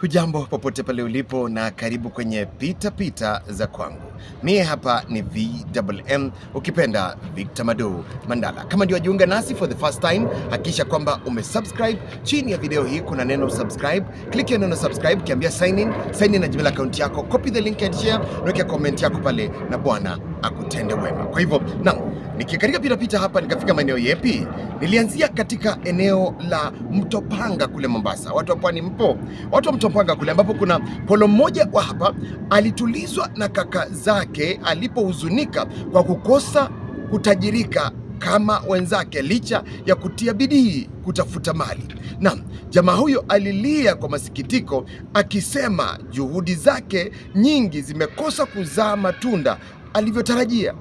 Hujambo popote pale ulipo na karibu kwenye pita pita za kwangu. Mie hapa ni VMM, ukipenda Victor Madu Mandala. Kama ndio wajiunga nasi for the first time, hakikisha kwamba umesubscribe. Chini ya video hii kuna neno subscribe, click ya neno subscribe, kiambia sign in, sign in na jimila account yako, copy the link and share, naweka comment yako pale na bwana akutende wema. Kwa hivyo na nikikatika pitapita hapa nikafika maeneo yepi? Nilianzia katika eneo la Mtopanga kule Mombasa. Watu wa pwani mpo? Watu wa Mtopanga kule ambapo kuna polo mmoja wa hapa alitulizwa na kaka zake alipohuzunika kwa kukosa kutajirika kama wenzake licha ya kutia bidii kutafuta mali. Naam, jamaa huyo alilia kwa masikitiko akisema juhudi zake nyingi zimekosa kuzaa matunda alivyotarajia.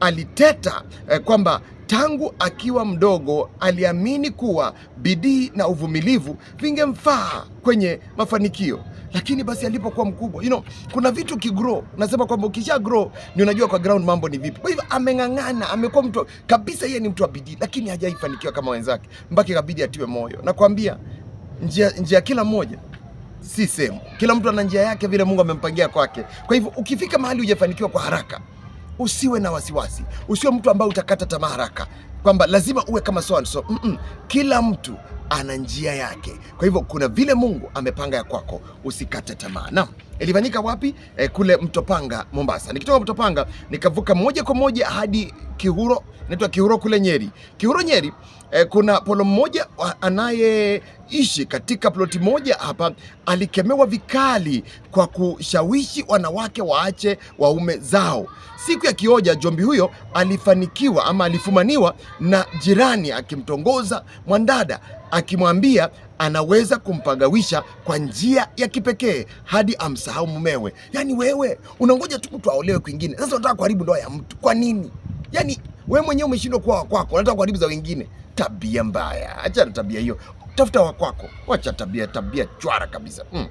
Aliteta eh, kwamba tangu akiwa mdogo aliamini kuwa bidii na uvumilivu vingemfaa kwenye mafanikio, lakini basi alipokuwa mkubwa, you know, kuna vitu kigrow, nasema kwamba ukisha grow ni unajua kwa ground mambo ni vipi. Kwa hivyo ameng'ang'ana, amekuwa mtu kabisa, yeye ni mtu wa bidii, lakini hajaifanikiwa kama wenzake, mpaka ikabidi atiwe moyo. Nakwambia njia, njia kila mmoja si sehemu, kila mtu ana njia yake, vile Mungu amempangia kwake. Kwa hivyo ukifika mahali hujafanikiwa kwa haraka usiwe na wasiwasi, usiwe mtu ambaye utakata tamaa haraka kwamba lazima uwe kama so and so. Mm -mm. Kila mtu ana njia yake, kwa hivyo kuna vile Mungu amepanga ya kwako, usikate tamaa. Naam ilifanyika wapi? E, kule Mtopanga Mombasa. Nikitoka Mtopanga nikavuka moja kwa moja hadi Kihuro, inaitwa Kihuro kule Nyeri. Kihuro Nyeri e, kuna polo mmoja anayeishi katika ploti moja hapa, alikemewa vikali kwa kushawishi wanawake waache waume zao. Siku ya kioja, jombi huyo alifanikiwa ama alifumaniwa na jirani akimtongoza mwandada akimwambia anaweza kumpagawisha kwa njia ya kipekee hadi amsahau mumewe. Yani wewe unangoja tu mtu aolewe kwingine, sasa unataka kuharibu ndoa ya mtu kwa nini? Yani wewe mwenyewe umeshindwa kuwa wakwako, unataka kuharibu za wengine. Tabia mbaya, acha na tabia hiyo, tafuta wakwako, wacha tabia tabia chwara kabisa mm.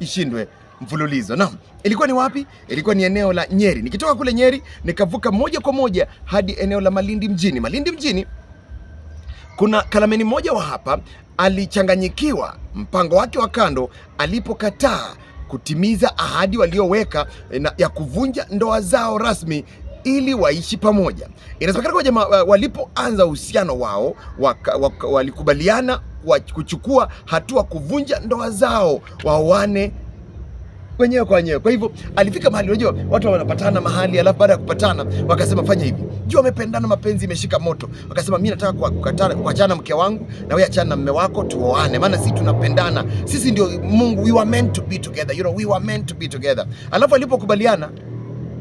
Ishindwe mfululizo. Naam, ilikuwa ni wapi? Ilikuwa ni eneo la Nyeri. Nikitoka kule Nyeri nikavuka moja kwa moja hadi eneo la Malindi mjini. Malindi mjini kuna kalameni mmoja wa hapa alichanganyikiwa mpango wake wa kando alipokataa kutimiza ahadi walioweka eh, ya kuvunja ndoa zao rasmi ili waishi pamoja. Inasemekana kwa jamaa eh, walipoanza uhusiano wao waka, waka, walikubaliana wa kuchukua hatua kuvunja ndoa zao waoane wenyewe kwa wenyewe. Kwa hivyo alifika mahali, unajua watu wanapatana mahali, alafu baada ya kupatana wakasema fanya hivi, juu wamependana, mapenzi imeshika moto, wakasema mi nataka kuachana mke wangu na wewe achana na mme wako, tuoane, maana sisi tunapendana, sisi ndio Mungu, we were meant to be together, you know, we were meant to be together. Alafu alipokubaliana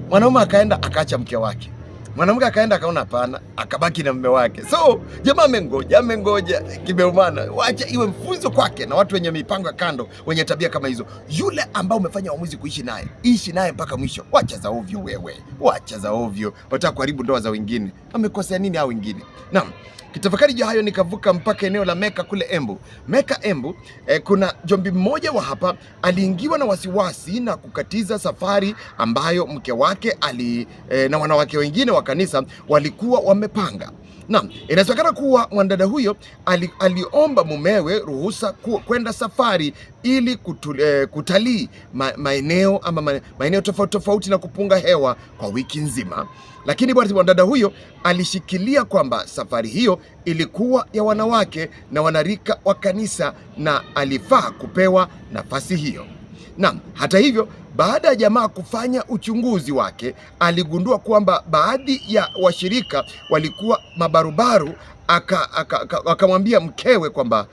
mwanaume akaenda akaacha mke wake. Mwanamke akaenda akaona pana, akabaki na mume wake. So jamaa amengoja amengoja, kimeumana, wacha iwe mfunzo kwake na watu wenye mipango ya kando, wenye tabia kama hizo. Yule ambao umefanya uamuzi kuishi naye, ishi naye mpaka mwisho. Wacha za ovyo wewe, wacha za ovyo, wataka kuharibu ndoa za wengine. Amekosea nini hao wengine? Naam. Kitafakari juu hayo nikavuka mpaka eneo la Meka kule Embu. Meka Embu eh, kuna jombi mmoja wa hapa aliingiwa na wasiwasi na kukatiza safari ambayo mke wake ali, eh, na wanawake wengine wa kanisa walikuwa wamepanga. Naam, inasemekana kuwa mwanadada huyo ali, aliomba mumewe ruhusa kwenda safari ili kutul, eh, kutalii ma, maeneo ama maeneo tofauti tofauti na kupunga hewa kwa wiki nzima, lakini bwana mwanadada huyo alishikilia kwamba safari hiyo ilikuwa ya wanawake na wanarika wa kanisa na alifaa kupewa nafasi hiyo. Naam, hata hivyo, baada ya jamaa kufanya uchunguzi wake, aligundua kwamba baadhi ya washirika walikuwa mabarubaru, akamwambia aka, aka, aka mkewe kwamba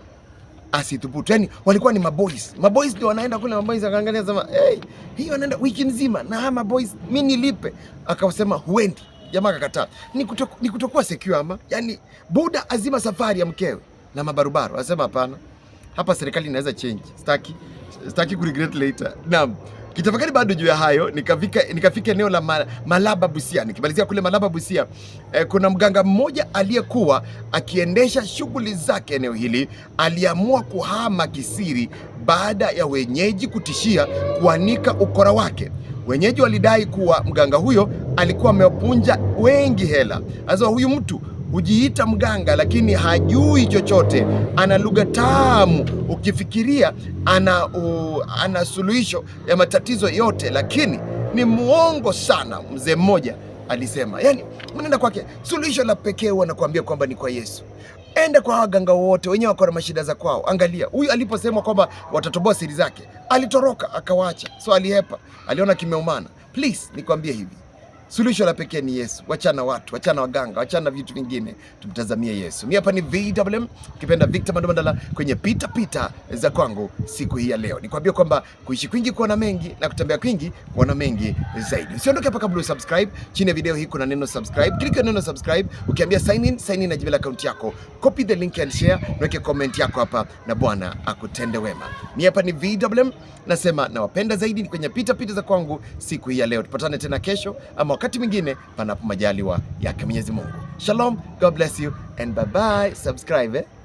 asithubutu. Yani walikuwa ni maboys, maboys ndio wanaenda kule. Maboys akaangalia sema, hey, hii wanaenda wiki nzima na haya maboys, mi nilipe. Akasema huendi, jamaa akakataa. Ni kutokuwa secure ama, yani buda azima safari ya mkewe na mabarubaru, asema hapana hapa serikali inaweza change. Sitaki sitaki ku regret later. Naam. Kitafakari bado juu ya hayo nikafika nikafika eneo la Malaba Busia. Nikimalizia kule Malaba Busia, eh, kuna mganga mmoja aliyekuwa akiendesha shughuli zake eneo hili, aliamua kuhama kisiri baada ya wenyeji kutishia kuanika ukora wake. Wenyeji walidai kuwa mganga huyo alikuwa amewapunja wengi hela. Sasa huyu mtu hujiita mganga lakini hajui chochote, ana lugha tamu. Ukifikiria ana, uh, ana suluhisho ya matatizo yote, lakini ni muongo sana. Mzee mmoja alisema, yani mnaenda kwake, suluhisho la pekee huwa anakuambia kwamba ni kwa Yesu. Enda kwa waganga wote, wenyewe wako na mashida za kwao. Angalia huyu, aliposema kwamba watatoboa siri zake, alitoroka akawaacha, so alihepa, aliona kimeumana. Please nikwambie hivi Suluhisho la pekee ni Yesu. Wachana watu, wachana waganga, wachana vitu vingine, tumtazamie Yesu. Mimi hapa ni VMM, ukipenda Victor Mandala kwenye pita pita za kwangu siku hii ya leo, nikwambia kwamba kuishi kwingi kuona mengi na kutembea kwingi kuona mengi zaidi. Usiondoke hapa kabla usubscribe. Chini ya video hii kuna neno subscribe, klika neno subscribe, ukiambia sign in, sign in na jina la account yako, copy the link and share, naweke comment yako hapa, na Bwana akutende wema. Mimi hapa ni VMM, nasema nawapenda zaidi, ni kwenye pita pita za kwangu siku hii ya leo. Tupatane tena kesho ama wakati mwingine, panapo majaliwa yake Mwenyezi Mungu. Shalom, God bless you and bye bye. Subscribe eh?